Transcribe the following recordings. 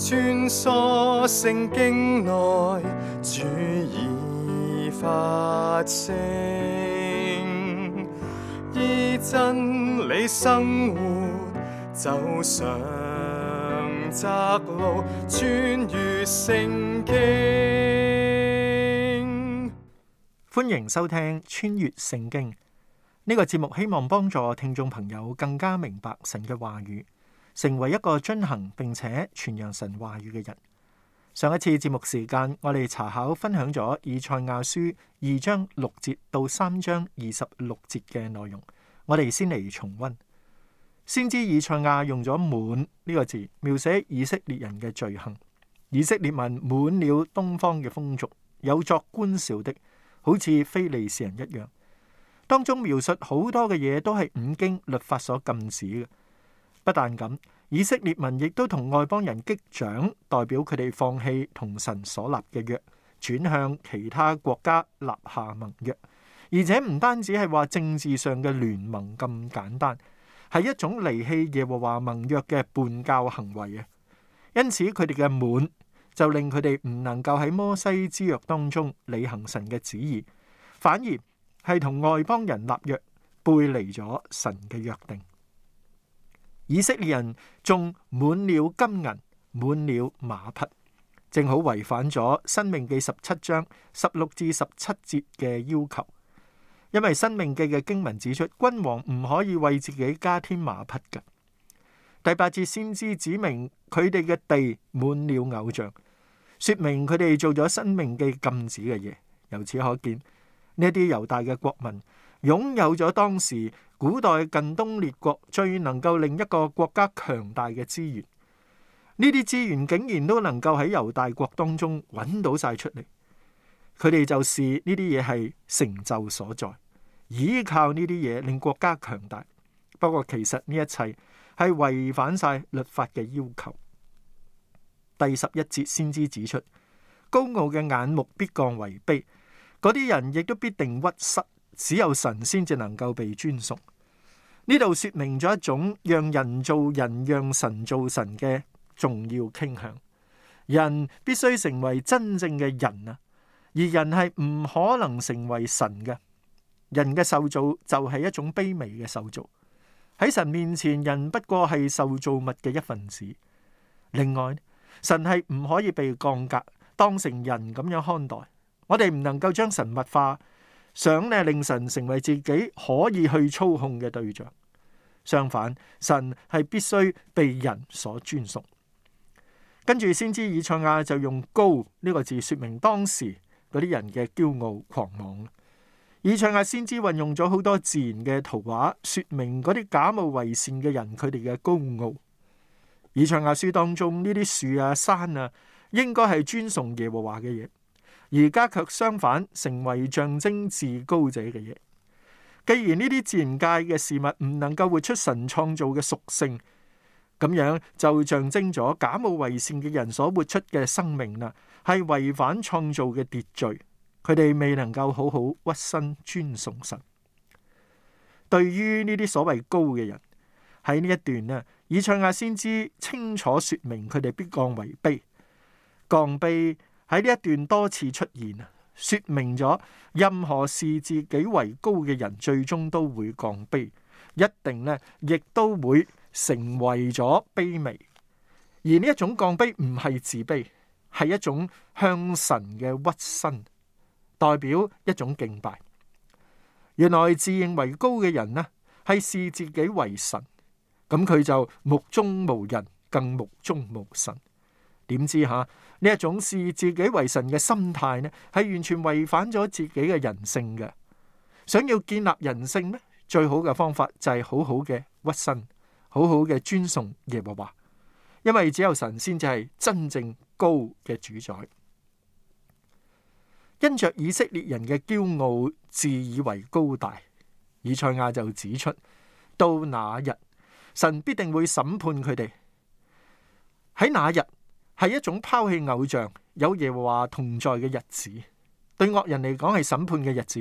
穿梭聖經內，主已發聲，依真理生活，走上窄路，穿越聖經。歡迎收聽《穿越聖經》呢個節目，希望幫助聽眾朋友更加明白神嘅話語，成為一個遵行，並且傳揚神話語嘅人。上一次節目時間，我哋查考分享咗以賽亞書二章六節到三章二十六節嘅內容。我哋先嚟重溫，先知以賽亞用咗滿呢個字描寫以色列人嘅罪行。以色列文「滿了東方嘅風俗，有作觀兆的，好似非利士人一樣。當中描述好多嘅嘢都係五經律法所禁止嘅。不但咁，以色列民亦都同外邦人擊掌，代表佢哋放棄同神所立嘅約，轉向其他國家立下盟約。而且唔單止係話政治上嘅聯盟咁簡單，係一種離棄耶和華盟約嘅叛教行為啊！因此佢哋嘅滿就令佢哋唔能夠喺摩西之約當中履行神嘅旨意，反而係同外邦人立約，背離咗神嘅約定。以色列人仲滿了金銀，滿了馬匹，正好違反咗《申命記》十七章十六至十七節嘅要求。因為《申命記》嘅經文指出，君王唔可以為自己加添馬匹嘅。第八節先知指明佢哋嘅地滿了偶像，說明佢哋做咗《申命記》禁止嘅嘢。由此可見，呢啲猶大嘅國民擁有咗當時古代近東列國最能夠令一個國家強大嘅資源，呢啲資源竟然都能夠喺猶大國當中揾到晒出嚟，佢哋就視呢啲嘢係成就所在，依靠呢啲嘢令國家強大。不過其實呢一切係違反晒律法嘅要求。第十一節先知指出：高傲嘅眼目必降為卑，嗰啲人亦都必定屈膝。只有神先至能夠被尊崇，呢度說明咗一種讓人做人，讓神做神嘅重要傾向。人必須成為真正嘅人啊，而人係唔可能成為神嘅。人嘅受造就係一種卑微嘅受造，喺神面前，人不過係受造物嘅一份子。另外，神係唔可以被降格當成人咁樣看待，我哋唔能夠將神物化。想咧令神成為自己可以去操控嘅對象，相反，神係必須被人所尊崇。跟住先知以賽亞就用高呢個字說明當時嗰啲人嘅驕傲狂妄。以賽亞先知運用咗好多自然嘅圖畫，說明嗰啲假冒為善嘅人佢哋嘅高傲。以賽亞書當中呢啲樹啊、山啊，應該係尊崇耶和華嘅嘢。而家卻相反，成為象徵至高者嘅嘢。既然呢啲自然界嘅事物唔能夠活出神創造嘅屬性，咁樣就象徵咗假冒為善嘅人所活出嘅生命啦，係違反創造嘅秩序。佢哋未能夠好好屈身尊崇神。對於呢啲所謂高嘅人，喺呢一段呢，以賽亞先知清楚說明佢哋必降為卑，降卑。喺呢一段多次出現啊，說明咗任何視自己為高嘅人，最終都會降卑，一定呢，亦都會成為咗卑微。而呢一種降卑唔係自卑，係一種向神嘅屈身，代表一種敬拜。原來自認為高嘅人呢，係視自己為神，咁佢就目中無人，更目中無神。點知吓，呢一種視自己為神嘅心態呢，係完全違反咗自己嘅人性嘅。想要建立人性呢，最好嘅方法就係好好嘅屈身，好好嘅尊崇耶和華，因為只有神先至係真正高嘅主宰。因着以色列人嘅驕傲，自以為高大，以賽亞就指出：到那日，神必定會審判佢哋。喺那日。係一種拋棄偶像、有耶和華同在嘅日子，對惡人嚟講係審判嘅日子；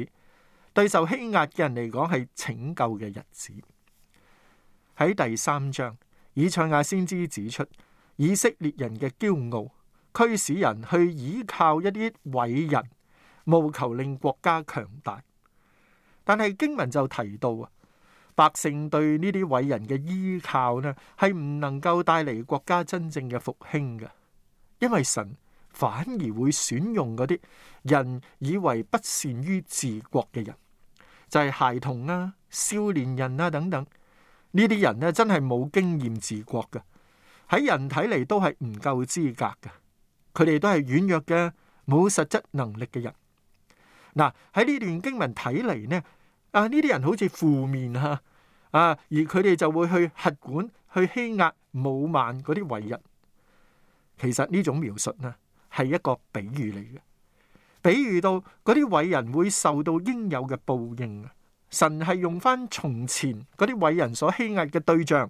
對受欺壓嘅人嚟講係拯救嘅日子。喺第三章，以賽亞先知指出以色列人嘅驕傲驅使人去依靠一啲偉人，務求令國家強大。但係經文就提到啊，百姓對呢啲偉人嘅依靠呢，係唔能夠帶嚟國家真正嘅復興嘅。因為神反而會選用嗰啲人以為不善於治國嘅人，就係、是、孩童啊、少年人啊等等呢啲人咧，真係冇經驗治國嘅，喺人睇嚟，都係唔夠資格嘅，佢哋都係軟弱嘅、冇實質能力嘅人。嗱，喺呢段經文睇嚟呢，啊，呢啲人好似負面吓啊，啊，而佢哋就會去轄管、去欺壓、侮慢嗰啲偉人。其實呢種描述呢，係一個比喻嚟嘅，比喻到嗰啲偉人會受到應有嘅報應，神係用翻從前嗰啲偉人所欺壓嘅對象，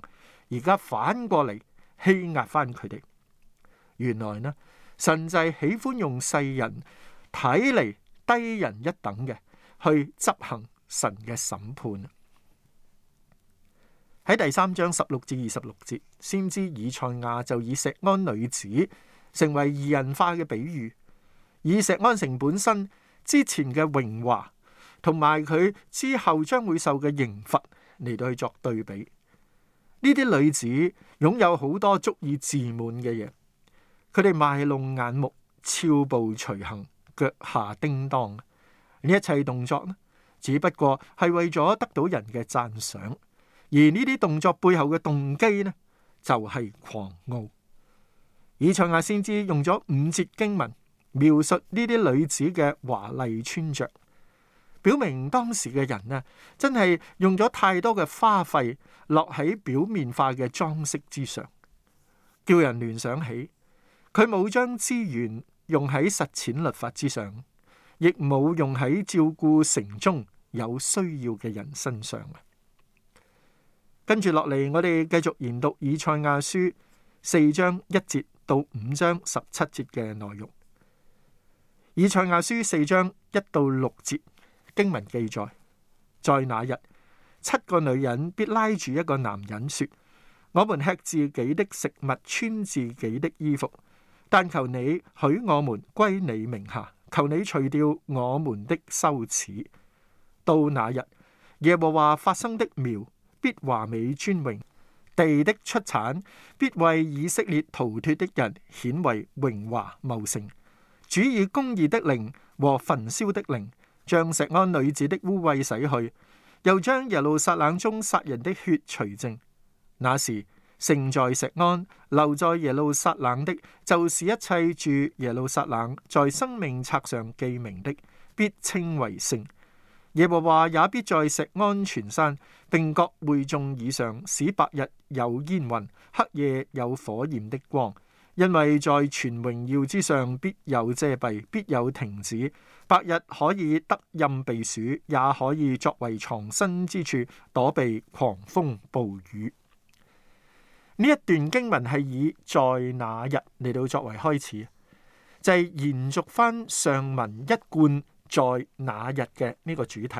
而家反過嚟欺壓翻佢哋。原來呢，神就係喜歡用世人睇嚟低人一等嘅去執行神嘅審判。喺第三章十六至二十六節，先知以賽亞就以錫安女子成為擬人化嘅比喻，以錫安城本身之前嘅榮華同埋佢之後將會受嘅刑罰嚟到去作對比。呢啲女子擁有好多足以自滿嘅嘢，佢哋賣弄眼目，俏步隨行，腳下叮噹。呢一切動作呢，只不過係為咗得到人嘅讚賞。而呢啲動作背後嘅動機呢，就係、是、狂傲。以賽亞先知用咗五節經文描述呢啲女子嘅華麗穿着，表明當時嘅人呢，真係用咗太多嘅花費落喺表面化嘅裝飾之上，叫人聯想起佢冇將資源用喺實踐律法之上，亦冇用喺照顧城中有需要嘅人身上。跟住落嚟，我哋繼續研讀以賽亞書四章一節到五章十七節嘅內容。以賽亞書四章一到六節經文記載：在那日，七個女人必拉住一個男人說：我們喫自己的食物，穿自己的衣服，但求你許我們歸你名下，求你除掉我們的羞恥。到那日，耶和華發生的苗。必華美尊榮，地的出產必為以色列逃脱的人顯為榮華茂盛。主以公義的靈和焚燒的靈，將石安女子的污穢洗去，又將耶路撒冷中殺人的血除淨。那時，剩在石安，留在耶路撒冷的，就是一切住耶路撒冷在生命冊上記名的，必稱為聖。耶和華也必在錫安全山，並各會眾以上，使白日有煙雲，黑夜有火焰的光，因為在全榮耀之上必有遮蔽，必有亭子。白日可以得蔭避暑，也可以作為藏身之處躲避狂風暴雨。呢一段經文係以在那日嚟到作為開始，就係、是、延續翻上文一貫。在那日嘅呢個主題，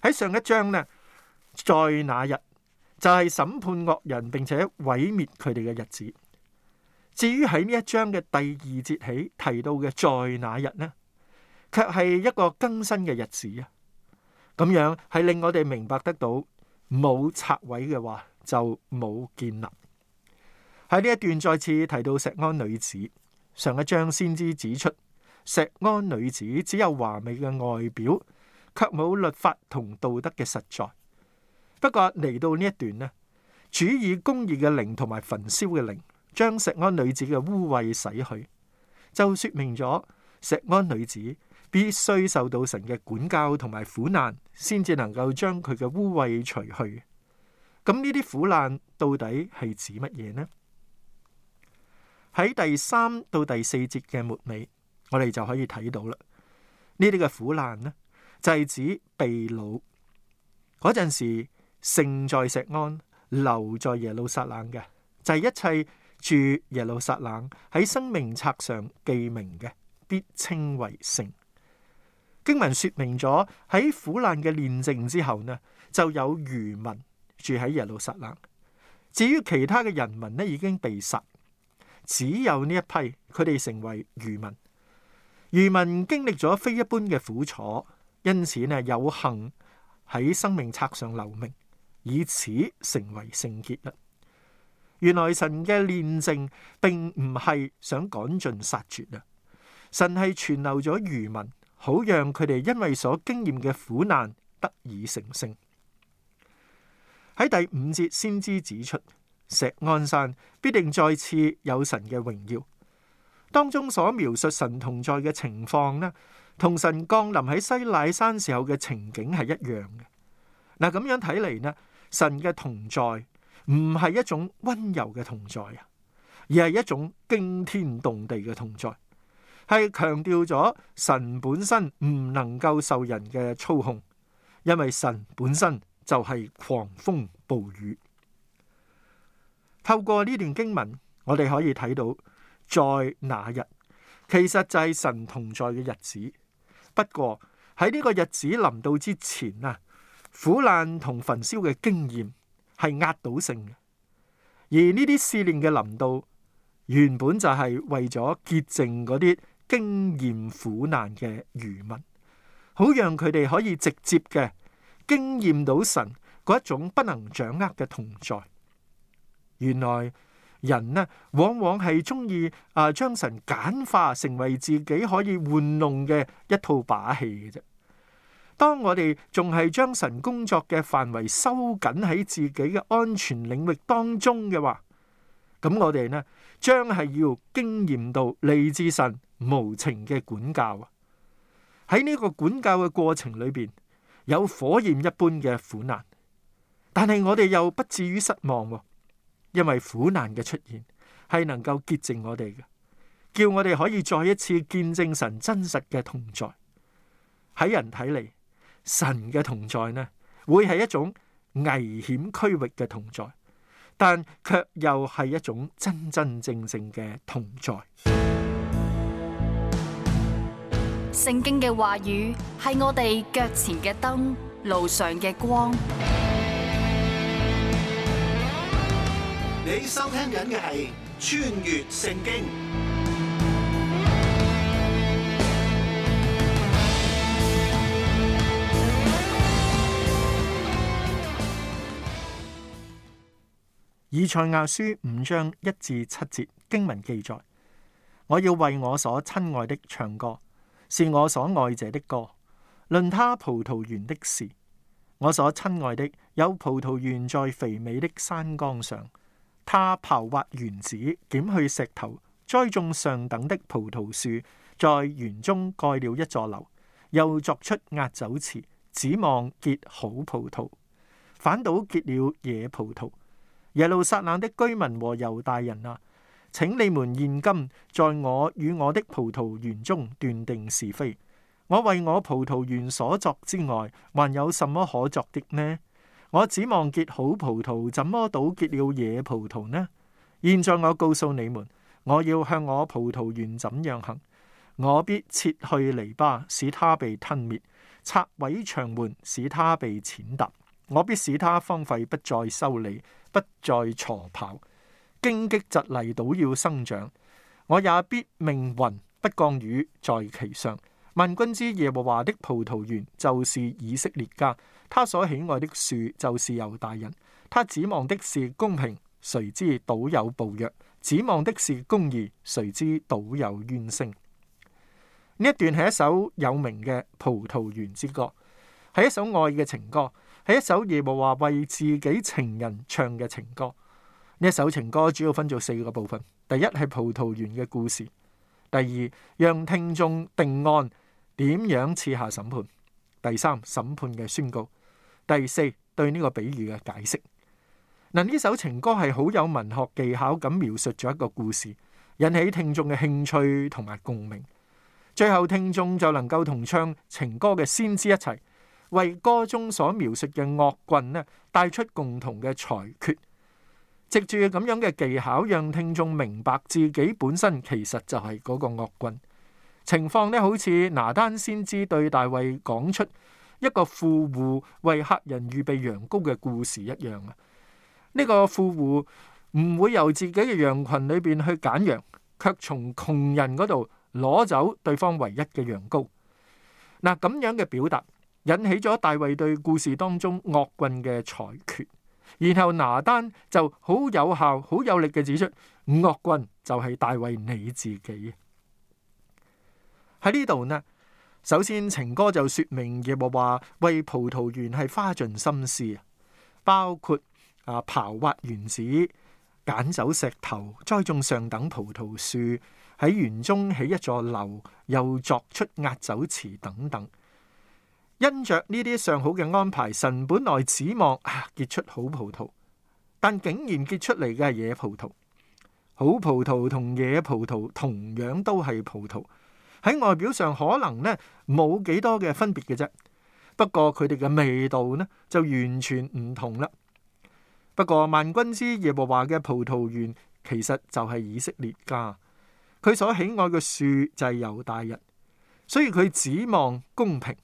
喺上一章呢，在那日就係審判惡人並且毀滅佢哋嘅日子。至於喺呢一章嘅第二節起提到嘅在那日呢，卻係一個更新嘅日子啊！咁樣係令我哋明白得到，冇拆毀嘅話就冇建立。喺呢一段再次提到錫安女子，上一章先知指出。石安女子只有華美嘅外表，卻冇律法同道德嘅實在。不過嚟到呢一段咧，主以公義嘅靈同埋焚燒嘅靈，將石安女子嘅污穢洗去，就說明咗石安女子必須受到神嘅管教同埋苦難，先至能夠將佢嘅污穢除去。咁呢啲苦難到底係指乜嘢呢？喺第三到第四節嘅末尾。我哋就可以睇到啦。呢啲嘅苦難呢，就係、是、指被擄嗰陣時，剩在錫安留在耶路撒冷嘅，就係、是、一切住耶路撒冷喺生命冊上記名嘅，必稱為聖。經文說明咗喺苦難嘅煉淨之後呢，就有餘民住喺耶路撒冷。至於其他嘅人民呢，已經被殺，只有呢一批佢哋成為餘民。漁民經歷咗非一般嘅苦楚，因此呢有幸喺生命冊上留名，以此成為聖潔啦。原來神嘅煉淨並唔係想趕盡殺絕啊，神係存留咗餘民，好讓佢哋因為所經驗嘅苦難得以成聖。喺第五節先知指出，錫安山必定再次有神嘅榮耀。當中所描述神同在嘅情況呢，同神降臨喺西乃山時候嘅情景係一樣嘅。嗱咁樣睇嚟呢，神嘅同在唔係一種溫柔嘅同在啊，而係一種驚天動地嘅同在，係強調咗神本身唔能夠受人嘅操控，因為神本身就係狂風暴雨。透過呢段經文，我哋可以睇到。在那日，其實就係神同在嘅日子。不過喺呢個日子臨到之前啊，苦難同焚燒嘅經驗係壓倒性嘅。而呢啲試煉嘅臨到，原本就係為咗潔淨嗰啲經驗苦難嘅愚民，好讓佢哋可以直接嘅經驗到神嗰一種不能掌握嘅同在。原來。人呢，往往係中意啊，將神簡化成為自己可以玩弄嘅一套把戲嘅啫。當我哋仲係將神工作嘅範圍收緊喺自己嘅安全領域當中嘅話，咁我哋呢，將係要經驗到嚟自神無情嘅管教啊！喺呢個管教嘅過程裏邊，有火焰一般嘅苦難，但係我哋又不至於失望。因為苦難嘅出現係能夠潔淨我哋嘅，叫我哋可以再一次見證神真實嘅同在。喺人睇嚟，神嘅同在呢，會係一種危險區域嘅同在，但卻又係一種真真正正嘅同在。聖經嘅話語係我哋腳前嘅燈，路上嘅光。你收聽緊嘅係《穿越聖經》，以賽亞書五章一至七節經文記載：我要為我所親愛的唱歌，是我所愛者的歌。論他葡萄園的事，我所親愛的有葡萄園在肥美的山崗上。他刨挖園子，撿去石頭，栽種上等的葡萄樹，在園中蓋了一座樓，又作出壓酒池，指望結好葡萄，反倒結了野葡萄。耶路撒冷的居民和猶大人啊，請你們現今在我與我的葡萄園中斷定是非。我為我葡萄園所作之外，還有什麼可作的呢？我指望結好葡萄，怎麼倒結了野葡萄呢？現在我告訴你們，我要向我葡萄園怎樣行？我必撤去籬笆，使它被吞滅；拆毀牆門，使它被踐踏。我必使它荒廢，不再修理，不再鋤刨。荊棘蒺藜倒要生長。我也必命雲不降雨在其上。萬軍之耶和華的葡萄園就是以色列家。他所喜愛的樹就是猶大人，他指望的是公平，誰知倒有暴虐；指望的是公義，誰知倒有冤聲。呢一段係一首有名嘅《葡萄園之歌》，係一首愛嘅情歌，係一首耶和華為自己情人唱嘅情歌。呢一首情歌主要分做四個部分：第一係葡萄園嘅故事；第二讓聽眾定案點樣賜下審判；第三審判嘅宣告。第四，對呢個比喻嘅解釋。嗱，呢首情歌係好有文學技巧，咁描述咗一個故事，引起聽眾嘅興趣同埋共鳴。最後聽眾就能夠同唱情歌嘅先知一齊，為歌中所描述嘅惡棍呢，帶出共同嘅裁決。藉住咁樣嘅技巧，讓聽眾明白自己本身其實就係嗰個惡棍。情況呢，好似拿單先知對大衛講出，一個富戶為客人預備羊羔嘅故事一樣啊！呢個富戶唔會由自己嘅羊群裏邊去揀羊，卻從窮人嗰度攞走對方唯一嘅羊羔。嗱，咁樣嘅表達引起咗大衛對故事當中惡棍嘅裁決，然後拿單就好有效、好有力嘅指出，惡棍就係大衛你自己。喺呢度呢？首先，情歌就説明耶和華為葡萄園係花盡心思，包括啊刨挖園子、揀走石頭、栽種上等葡萄樹、喺園中起一座樓、又作出壓酒池等等。因着呢啲上好嘅安排，神本來指望、啊、結出好葡萄，但竟然結出嚟嘅係野葡萄。好葡萄同野葡萄同樣都係葡萄。喺外表上可能呢冇幾多嘅分別嘅啫，不過佢哋嘅味道呢就完全唔同啦。不過萬軍之耶和華嘅葡萄園其實就係以色列家，佢所喜愛嘅樹就係猶大人，所以佢指望公平，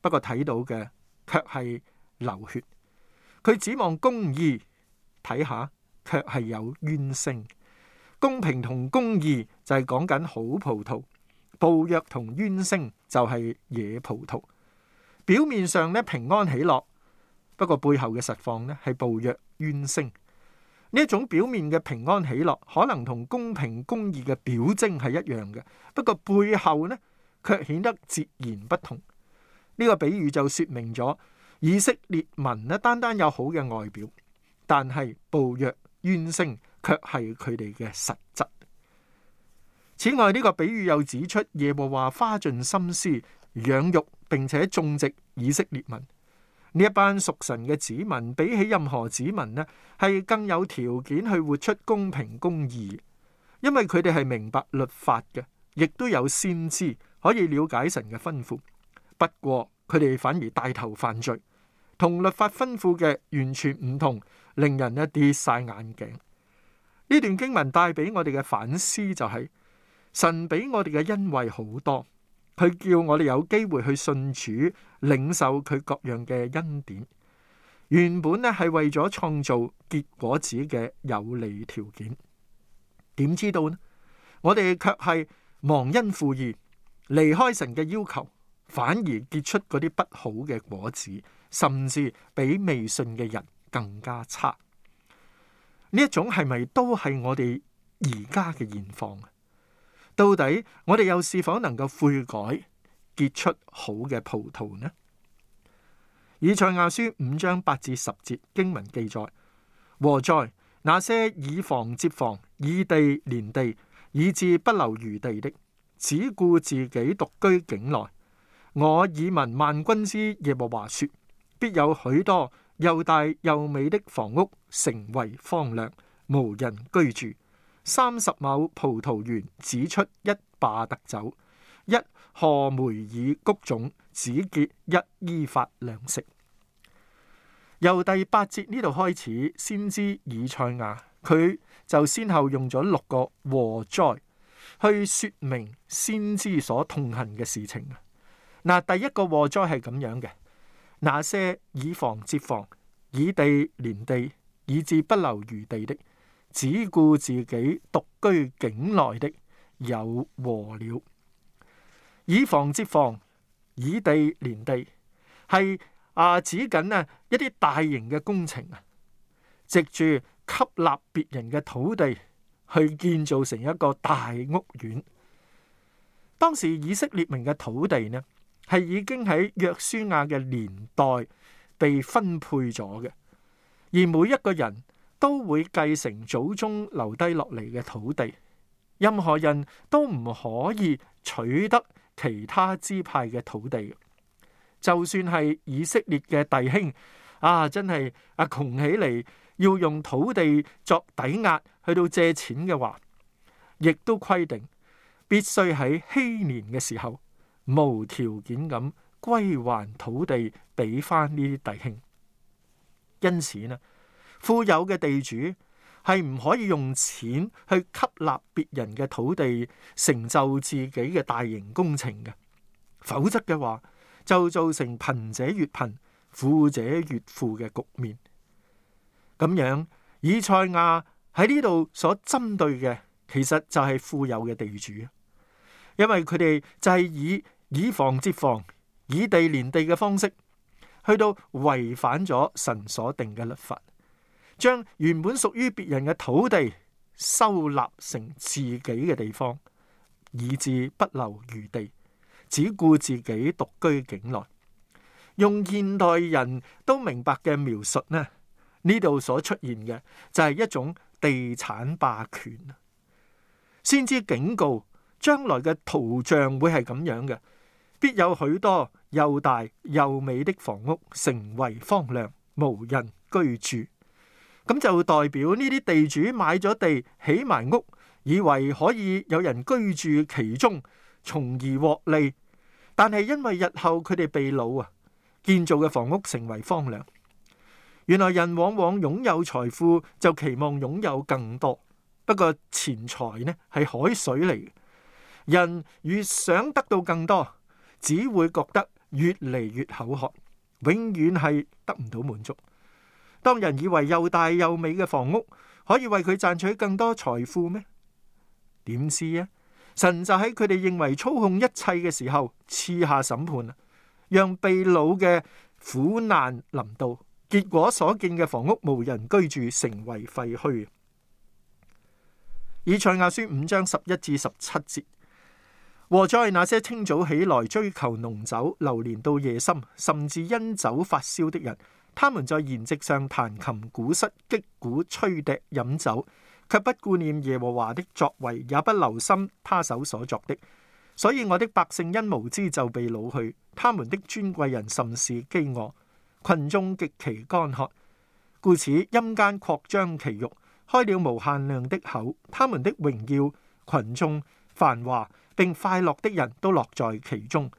不過睇到嘅卻係流血；佢指望公義，睇下卻係有冤聲。公平同公義就係講緊好葡萄。暴虐同冤聲就係野葡萄，表面上咧平安喜樂，不過背後嘅實況咧係暴虐冤聲呢。一種表面嘅平安喜樂，可能同公平公義嘅表徵係一樣嘅，不過背後咧卻顯得截然不同。呢、這個比喻就說明咗以色列文咧，單單有好嘅外表，但係暴虐冤聲卻係佢哋嘅實質。此外，呢、這個比喻又指出，耶和華花盡心思養育並且種植以色列民呢一班屬神嘅子民，比起任何子民呢係更有條件去活出公平公義，因為佢哋係明白律法嘅，亦都有先知可以了解神嘅吩咐。不過，佢哋反而帶頭犯罪，同律法吩咐嘅完全唔同，令人跌晒眼鏡。呢段經文帶俾我哋嘅反思就係、是。神俾我哋嘅恩惠好多，佢叫我哋有機會去信主，領受佢各樣嘅恩典。原本呢係為咗創造結果子嘅有利條件，點知道呢？我哋卻係忘恩負義，離開神嘅要求，反而結出嗰啲不好嘅果子，甚至比未信嘅人更加差。呢一種係咪都係我哋而家嘅現況啊？到底我哋又是否能夠悔改，結出好嘅葡萄呢？以賽亞書五章八至十節經文記載：禍哉，那些以房接房、以地連地、以致不留餘地的，只顧自己獨居境內，我耳聞萬軍之耶和華說：必有許多又大又美的房屋成為荒涼，無人居住。三十畝葡萄園只出一罷特酒，一賀梅珥谷種只結一伊法糧食。由第八節呢度開始，先知以賽亞佢就先後用咗六個禍災去説明先知所痛恨嘅事情。嗱，第一個禍災係咁樣嘅，那些以房接房、以地連地、以致不留餘地的。只顧自己獨居境內的有禍了。以房接房，以地連地，係啊指緊啊一啲大型嘅工程啊，藉住吸納別人嘅土地去建造成一個大屋苑。當時以色列民嘅土地呢，係已經喺約書亞嘅年代被分配咗嘅，而每一個人。都會繼承祖宗留低落嚟嘅土地，任何人都唔可以取得其他支派嘅土地。就算係以色列嘅弟兄啊，真係啊窮起嚟要用土地作抵押去到借錢嘅話，亦都規定必須喺禧年嘅時候無條件咁歸還土地俾翻呢啲弟兄。因此呢，富有嘅地主係唔可以用錢去吸納別人嘅土地，成就自己嘅大型工程嘅。否則嘅話，就造成貧者越貧、富者越富嘅局面。咁樣以賽亞喺呢度所針對嘅，其實就係富有嘅地主，因為佢哋就係以以房接房、以地連地嘅方式去到違反咗神所定嘅律法。將原本屬於別人嘅土地收納成自己嘅地方，以至不留餘地，只顧自己獨居境內。用現代人都明白嘅描述呢，呢度所出現嘅就係一種地產霸權。先知警告將來嘅圖像會係咁樣嘅，必有許多又大又美的房屋成為荒涼，無人居住。咁就代表呢啲地主買咗地起埋屋，以為可以有人居住其中，從而獲利。但係因為日後佢哋被擄啊，建造嘅房屋成為荒涼。原來人往往擁有財富就期望擁有更多。不過錢財呢係海水嚟，人越想得到更多，只會覺得越嚟越口渴，永遠係得唔到滿足。當人以為又大又美嘅房屋可以為佢賺取更多財富咩？點知啊，神就喺佢哋認為操控一切嘅時候賜下審判啊，讓被擄嘅苦難臨到。結果所建嘅房屋無人居住，成為廢墟。以賽亞書五章十一至十七節：禍哉！那些清早起來追求濃酒，流連到夜深，甚至因酒發燒的人。他們在筵席上彈琴鼓瑟、擊鼓、吹笛、飲酒，卻不顧念耶和華的作為，也不留心他手所作的。所以我的百姓因無知就被擄去，他們的尊貴人甚是飢餓，群眾極其乾渴。故此陰間擴張其喉，開了無限量的口，他們的榮耀、群眾繁華並快樂的人都落在其中。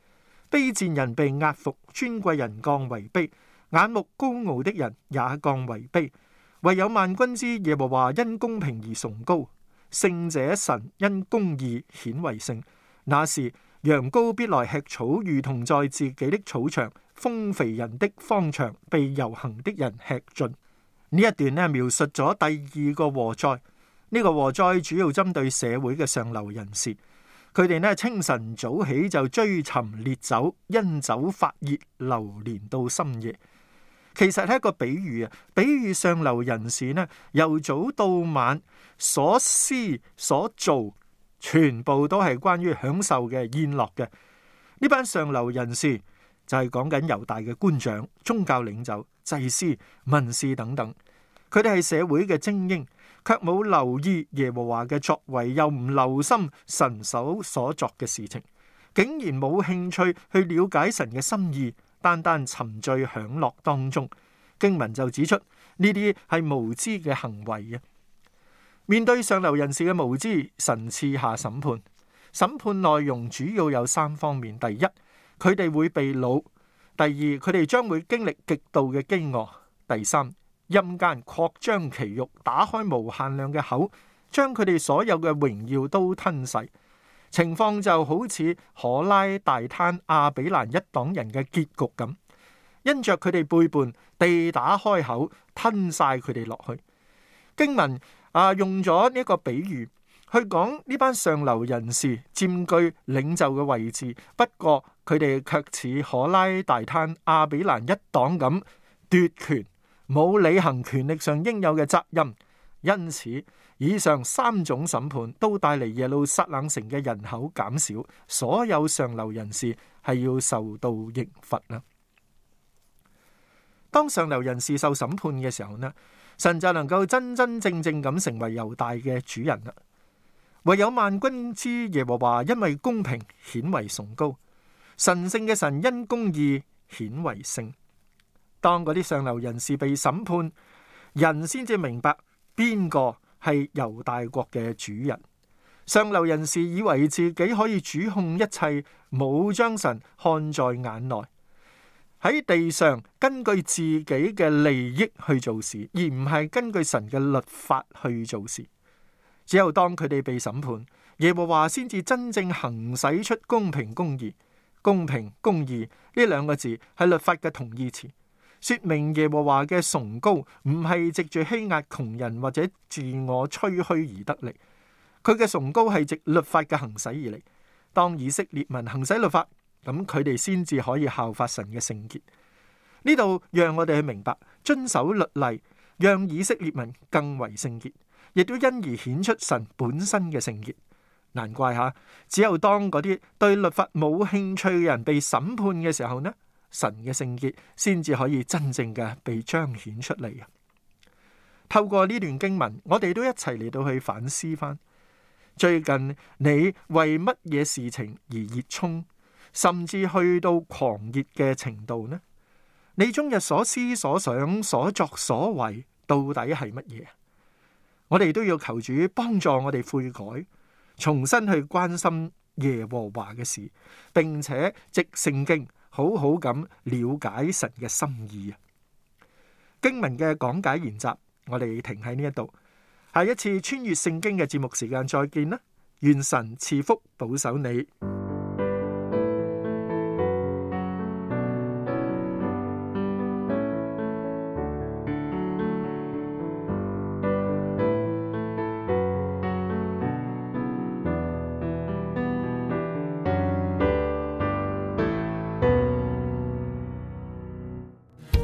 卑賤人被壓服，尊貴人降為卑。眼目高傲的人也降為卑，唯有萬君軍之耶和華因公平而崇高。聖者神因公義顯為聖。那時羊羔必來吃草，如同在自己的草場；豐肥人的方場被遊行的人吃盡。呢一段咧描述咗第二個禍災。呢、這個禍災主要針對社會嘅上流人士，佢哋咧清晨早起就追尋烈酒，因酒發熱流連到深夜。其實係一個比喻啊！比喻上流人士呢，由早到晚所思所做，全部都係關於享受嘅宴樂嘅。呢班上流人士就係講緊猶大嘅官長、宗教領袖、祭司、文士等等，佢哋係社會嘅精英，卻冇留意耶和華嘅作為，又唔留心神手所作嘅事情，竟然冇興趣去了解神嘅心意。單單沉醉享樂當中，經文就指出呢啲係無知嘅行為嘅。面對上流人士嘅無知，神賜下審判，審判內容主要有三方面：第一，佢哋會被擄；第二，佢哋將會經歷極度嘅飢餓；第三，陰間擴張其欲，打開無限量嘅口，將佢哋所有嘅榮耀都吞噬。情況就好似可拉大坍、亞比蘭一黨人嘅結局咁，因着佢哋背叛，地打開口吞晒佢哋落去。經文啊，用咗呢一個比喻去講呢班上流人士佔據領袖嘅位置，不過佢哋卻似可拉大坍、亞比蘭一黨咁奪權，冇履行權力上應有嘅責任，因此。以上三種審判都帶嚟耶路撒冷城嘅人口減少，所有上流人士係要受到刑罰啊。當上流人士受審判嘅時候呢，神就能夠真真正正咁成為猶大嘅主人啦。唯有萬軍之耶和華，因為公平顯為崇高，神聖嘅神因公義顯為聖。當嗰啲上流人士被審判，人先至明白邊個。係猶大國嘅主人，上流人士以為自己可以主控一切，冇將神看在眼內，喺地上根據自己嘅利益去做事，而唔係根據神嘅律法去做事。只有當佢哋被審判，耶和華先至真正行使出公平公義。公平公義呢兩個字係律法嘅同義詞。說明耶和華嘅崇高唔係藉住欺壓窮人或者自我吹噓而得嚟，佢嘅崇高係藉律法嘅行使而嚟。當以色列民行使律法，咁佢哋先至可以效法神嘅聖潔。呢度讓我哋去明白遵守律例，讓以色列民更為聖潔，亦都因而顯出神本身嘅聖潔。難怪吓，只有當嗰啲對律法冇興趣嘅人被審判嘅時候呢，神嘅聖潔先至可以真正嘅被彰顯出嚟啊！透過呢段經文，我哋都一齊嚟到去反思翻最近你為乜嘢事情而熱衷，甚至去到狂熱嘅程度呢？你終日所思所想所作所為到底係乜嘢？我哋都要求主幫助我哋悔改，重新去關心耶和華嘅事，並且藉聖經。好好咁了解神嘅心意啊！經文嘅講解研習，我哋停喺呢一度。下一次穿越聖經嘅節目時間，再見啦！願神賜福保守你。